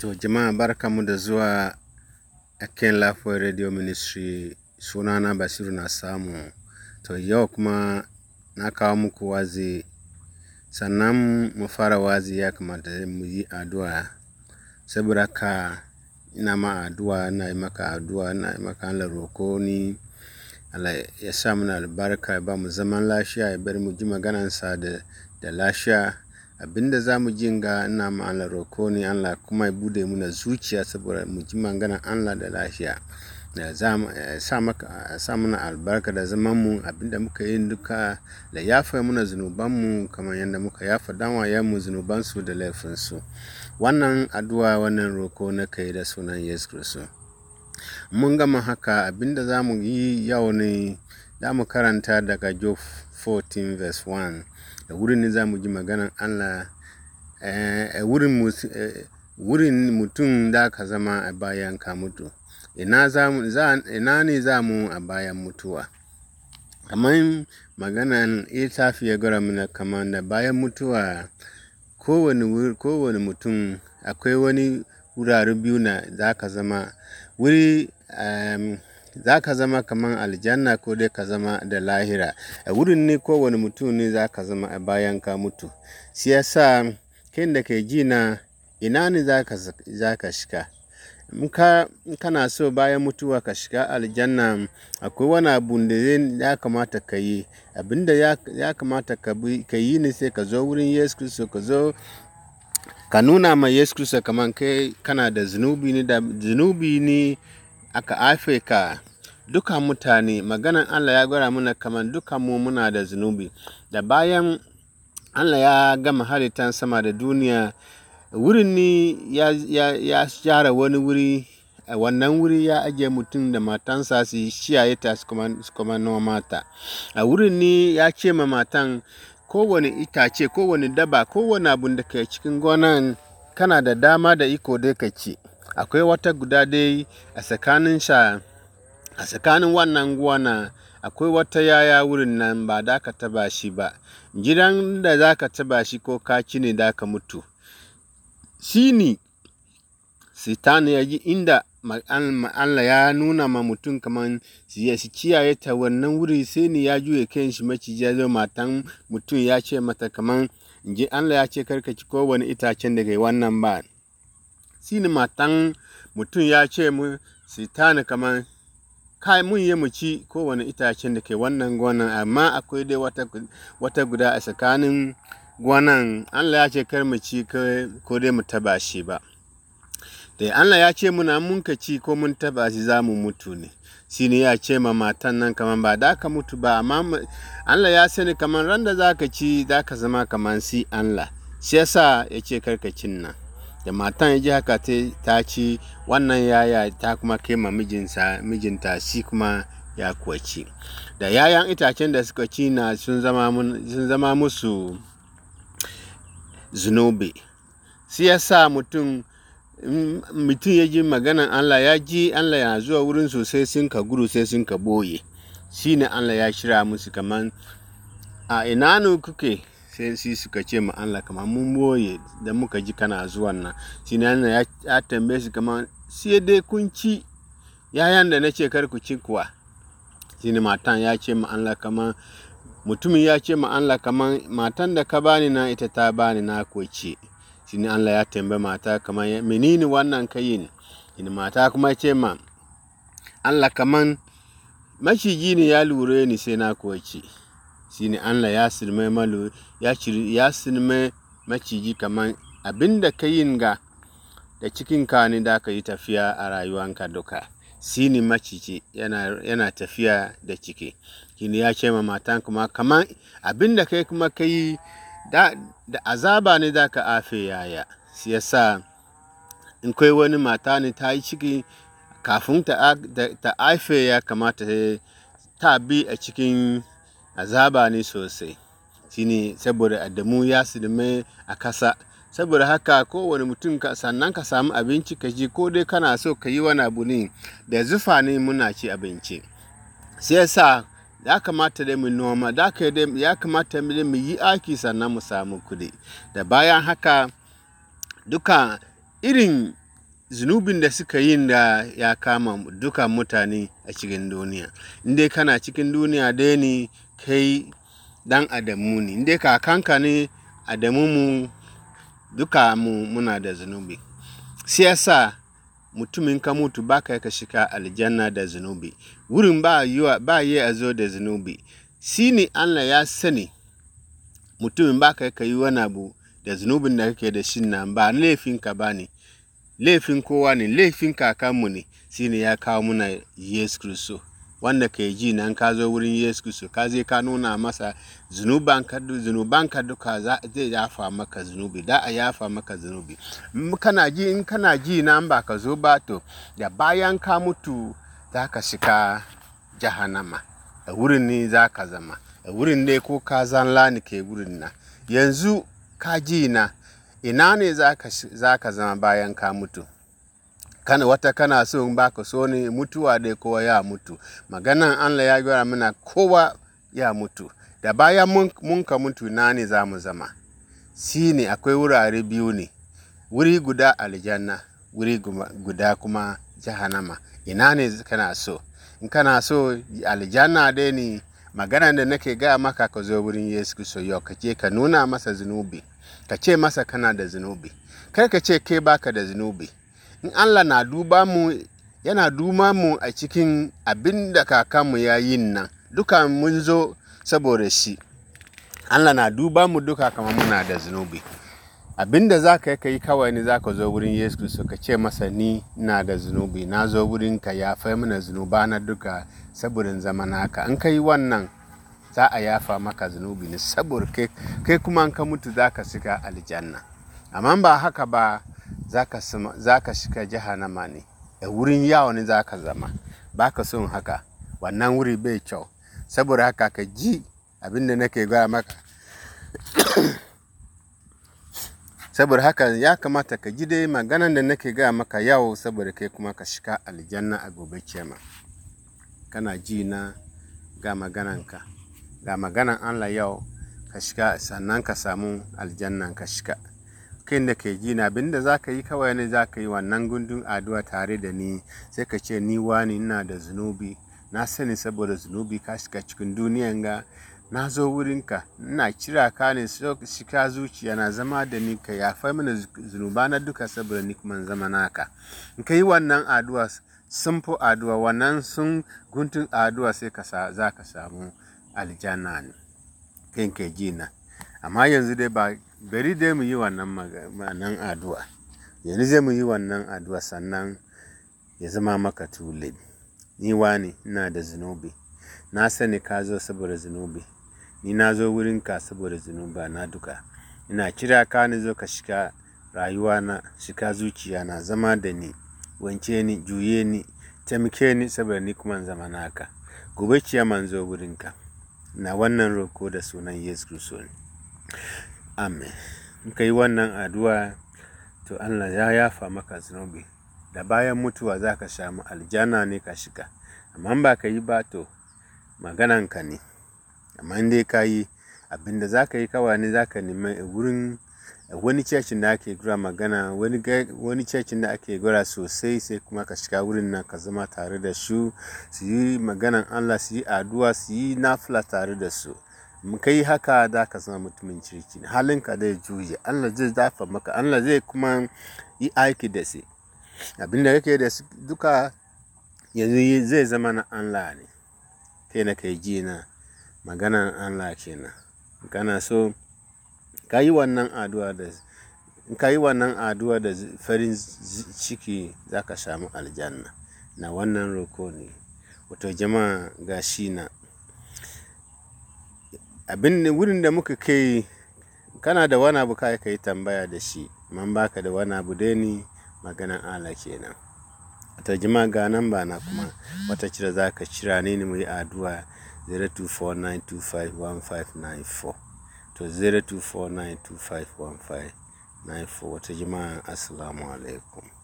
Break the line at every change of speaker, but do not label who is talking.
To jama'a mu da zuwa Aken Lafiyar Radio Ministry sunana Basiru na samu. To yau kuma na kawo muku wazi sannan mu fara wazi ya kamata mu yi addu'a. Saboda ka ina ma addu'a ina yi maka addu'a ina yi maka Allah roko ni Allah ya sa mana albarka ba mu zaman lafiya ya bar mu ji maganansa da da lafiya abinda za mu jin ga ina ma Allah roko ne Allah kuma ya bude muna zuciya saboda mu ji maganar Allah da lafiya da sa mana albarka da zaman mu abinda muka yi duka da yafa muna zunuban mu kamar yadda muka yafa dan wayan mu zunuban su da laifin su wannan addu'a wannan roko na kai da sunan Yesu Kristo mun gama haka abinda za mu yi yau ne za mu karanta daga Job 14 verse 1 da wurin ne za mu ji maganan Allah eh, a eh, wurin mutum da ka zama a bayan ka mutu ina ne za mu a bayan mutuwa kamar maganan itafi ya gara mana kamar da bayan mutuwa kowane mutum akwai wani wurare biyu na za ka zama wuri um, za ka zama kamar aljanna ko dai ka zama da lahira a wurin ne kowane mutum ne za ka zama a bayan ka mutu shi yasa kin da kai ji na ina ne za ka shiga in kana so bayan mutuwa ka shiga aljanna akwai wani abu da ya kamata ka yi da ya kamata ka yi ne sai ka zo wurin yesu kristo ka zo ka nuna ma yesu kristo kamar kai kana da zunubi ne da zunubi ne aka haife ka dukan mutane maganan Allah ya gwada mana kamar dukan mu muna da zunubi da bayan Allah ya gama halittan sama da duniya wurin ni ya, ya, wani wuri wannan wuri ya ajiye mutum da matansa su yi, shiyaye ta su kuma noma a wurin ni ya ce ma matan kowane itace kowane daba kowane abun da ke cikin gonan kana da dama da iko dai ka ci akwai wata guda dai a tsakanin sha a tsakanin wannan gona akwai wata yaya wurin nan ba da ka taba shi ba gidan da za ka taba shi ko ka ci ne da ka mutu shi ne sitani ya yi inda Allah ya nuna ma mutum kaman ya shi kiyaye ta wannan wuri sai ne ya juye kayan shi maciji ya zo matan mutum ya ce mata kaman Allah ya ce karka ci kowane itacen daga wannan ba ma taŋ mutum ya ce mu su kaman kai mun yi mu ci kowane itacen da ke wannan gonan amma akwai dai wata, wata guda a tsakanin gonan Allah ya ce kar mu ci ko dai mu taba shi ba da Allah ya ce muna mun ka ci ko mun taba shi za mu mutu ne shi ya ce ma matan nan kaman ba da ka mutu ba amma Allah ya sani kaman ran da za ka ci za ka zama kaman si Allah shi yasa ya ce karkacin nan da matan ya ji haka ta ci wannan yaya ta kuma kai ma mijinta shi kuma ya kuwa ci da yayan itacen da suka ci na sun zama musu zinobe sai ya sa mutum mutum ya ji maganan Allah ya ji Allah yana zuwa wurin sosai sun ka guru sai sun ka boye shi ne Allah ya shira musu kamar a ina kuke sai su suka ce ma Allah kama mun boye da muka ji kana zuwan nan shi ya, ya tambaye su kama sai dai kun ci yayan da na ce kar ku ci kuwa shi ne matan ya ce ma Allah kama mutumin ya ce ma Allah kama matan da ka bani na ita ta bani na ko ce shi ne Allah ya tambaye mata kama menene wannan kai ne shi mata kuma ce ma Allah kama mashi ne ya lura ni sai na ko ce shine Allah ya silme malo ya ya silme maciji kaman abinda da ka yin ga da cikin ka ne da ka yi tafiya a rayuwanka duka shine maciji yana, yana tafiya da ciki shine ya ce ma matan kuma kaman abinda kai kuma ka yi da, da azaba ne da ka afe yaya shi yasa in kai wani mata ne ta yi ciki kafin ta, ta, ta aife ya kamata ta bi a cikin azaba ne sosai shine saboda Adamu ya silme a kasa saboda haka kowane mutum sannan ka samu abinci ka ji ko dai kana so ka yi wani abu ne da zufa ne muna ci abinci sai yasa ya kamata da mu noma ya kamata da mu yi aiki sannan mu samu kuɗi da bayan haka duka irin zunubin da suka yi da ya kama duka mutane a cikin duniya in dai kana cikin duniya dai ne kai dan Adamu ne, inda kakanka ne Adamu mu duka mu muna da zunubi. Shi yasa mutumin ka mutu ba ka ka shiga aljanna da zunubi, wurin ba yiwa ba yi a zo da zunubi. Shi ne Allah ya sani mutumin ba ka ka yi wani abu da zunubin da kake da shi nan ba laifin ka ba ne. laifin kowa ne laifin kakanmu ne shine ya kawo muna yesu kristo wanda ka ji nan ka zo wurin yesu kristo ka je ka nuna masa zunubanka zunubanka duka zai yafa maka zunubi da a yafa maka zunubi kana ji in kana ji nan ba ka zo ba to da bayan ka mutu za ka shiga jahannama a wurin ne za ka zama a wurin ne ko ka zanla ni ke wurin na yanzu ka ji na ina ne za ka zama bayan ka mutu kana wata kana so in baka so ne mutuwa dai kowa ya mutu maganan Allah ya gwara mana kowa ya mutu da bayan mun ka mutu na ne za mu zama shine akwai wurare biyu ne wuri guda aljanna wuri guda kuma jahannama ina ne kana so in kana so aljanna dai ne magana da nake gaya maka ka zo wurin yesu kristo yau ka ce ka nuna masa zinubi ka ce masa kana da zinubi kar ka ce ke baka da zinubi in Allah na duba mu yana duma mu a cikin abin da kakanmu ya yi nan duka mun zo saboda shi Allah na duba mu duka kamar muna da zunubi abin da za ka yi ka yi kawai ne za ka zo wurin yesu ka ce masa ni na da zunubi na zo wurin ka fai mana zunuba na duka saboda zama naka in ka yi wannan za a yafa maka zunubi ne saboda kai kuma an ka mutu za ka shiga aljanna amma ba haka ba za ka shiga jahannama ne a wurin yawo ne za ka zama ba ka son haka wannan wuri bai kyau saboda haka ka ji abinda da nake gwara maka saboda haka ya kamata ka ji dai maganan da nake gaya maka yawo saboda kai kuma ka shiga aljanna a gobe kema kana ji na ga magananka ga maganan allah yau ka shiga sannan ka samu aljannan ka shiga kai da ke jina, abinda abin da za ka yi kawai ne za ka yi wannan gundun addu'a tare da ni sai ka ce ni wani ina da zunubi na sani saboda zunubi ka shiga cikin duniyan ga na zo wurinka ina kira ka ne ka zuciya na zama da ni ka yafa mana zunuba na duka saboda ni kuma zama naka in ka yi wannan addu'a fi addu'a wannan sun guntun addu'a sai ka za ka samu aljanna ne kai ke jina. amma yanzu dai ba bari dai mu yi wannan maganan addu'a yanzu zai mu yi wannan addu'a sannan ya zama maka tule ni wani ina da zunubi na sani ka zo saboda zunubi ni na zo wurin ka saboda zunuba na duka ina kira ka ni zo ka shiga rayuwa na shiga zuciya na zama da ni wance ni juye ni taimake ni saboda ni kuma zama naka gobe ciya manzo ka na wannan roko da sunan yesu kristo Amin. In ka yi wannan addu'a to Allah ya yafa maka zunubi da bayan mutuwa za ka samu aljanna ne ka shiga. Amma ba ka yi ba to magananka ne. Amma dai ka yi abin da za ka yi kawai ne za ka nemi wurin wani cecin da ake gura magana wani, cecin da ake gura sosai sai kuma ka shiga wurin nan ka zama tare da su, su yi maganan Allah, su yi addu'a, su yi nafila tare da su. kai haka za ka zama mutumin kirki halinka zai juye allah zai dafa maka allah zai kuma yi aiki da shi yake da kake dasu duka yanzu zai zama na allah ne kai na kai ji na magana allah kenan kana so ka yi wannan addu'a da in ka wannan addu'a da farin ciki za ka samu aljanna na wannan roko ne wato jama'a gashi na abin da wurin da muka kai kana da wani abu ka yi tambaya da shi man baka da wani abu da ni maganan Allah kenan ta jima ga nan ba na kuma wata cire za ka cira ne ni mu yi addu'a 0249251594 to 0249251594 wata jima assalamu alaikum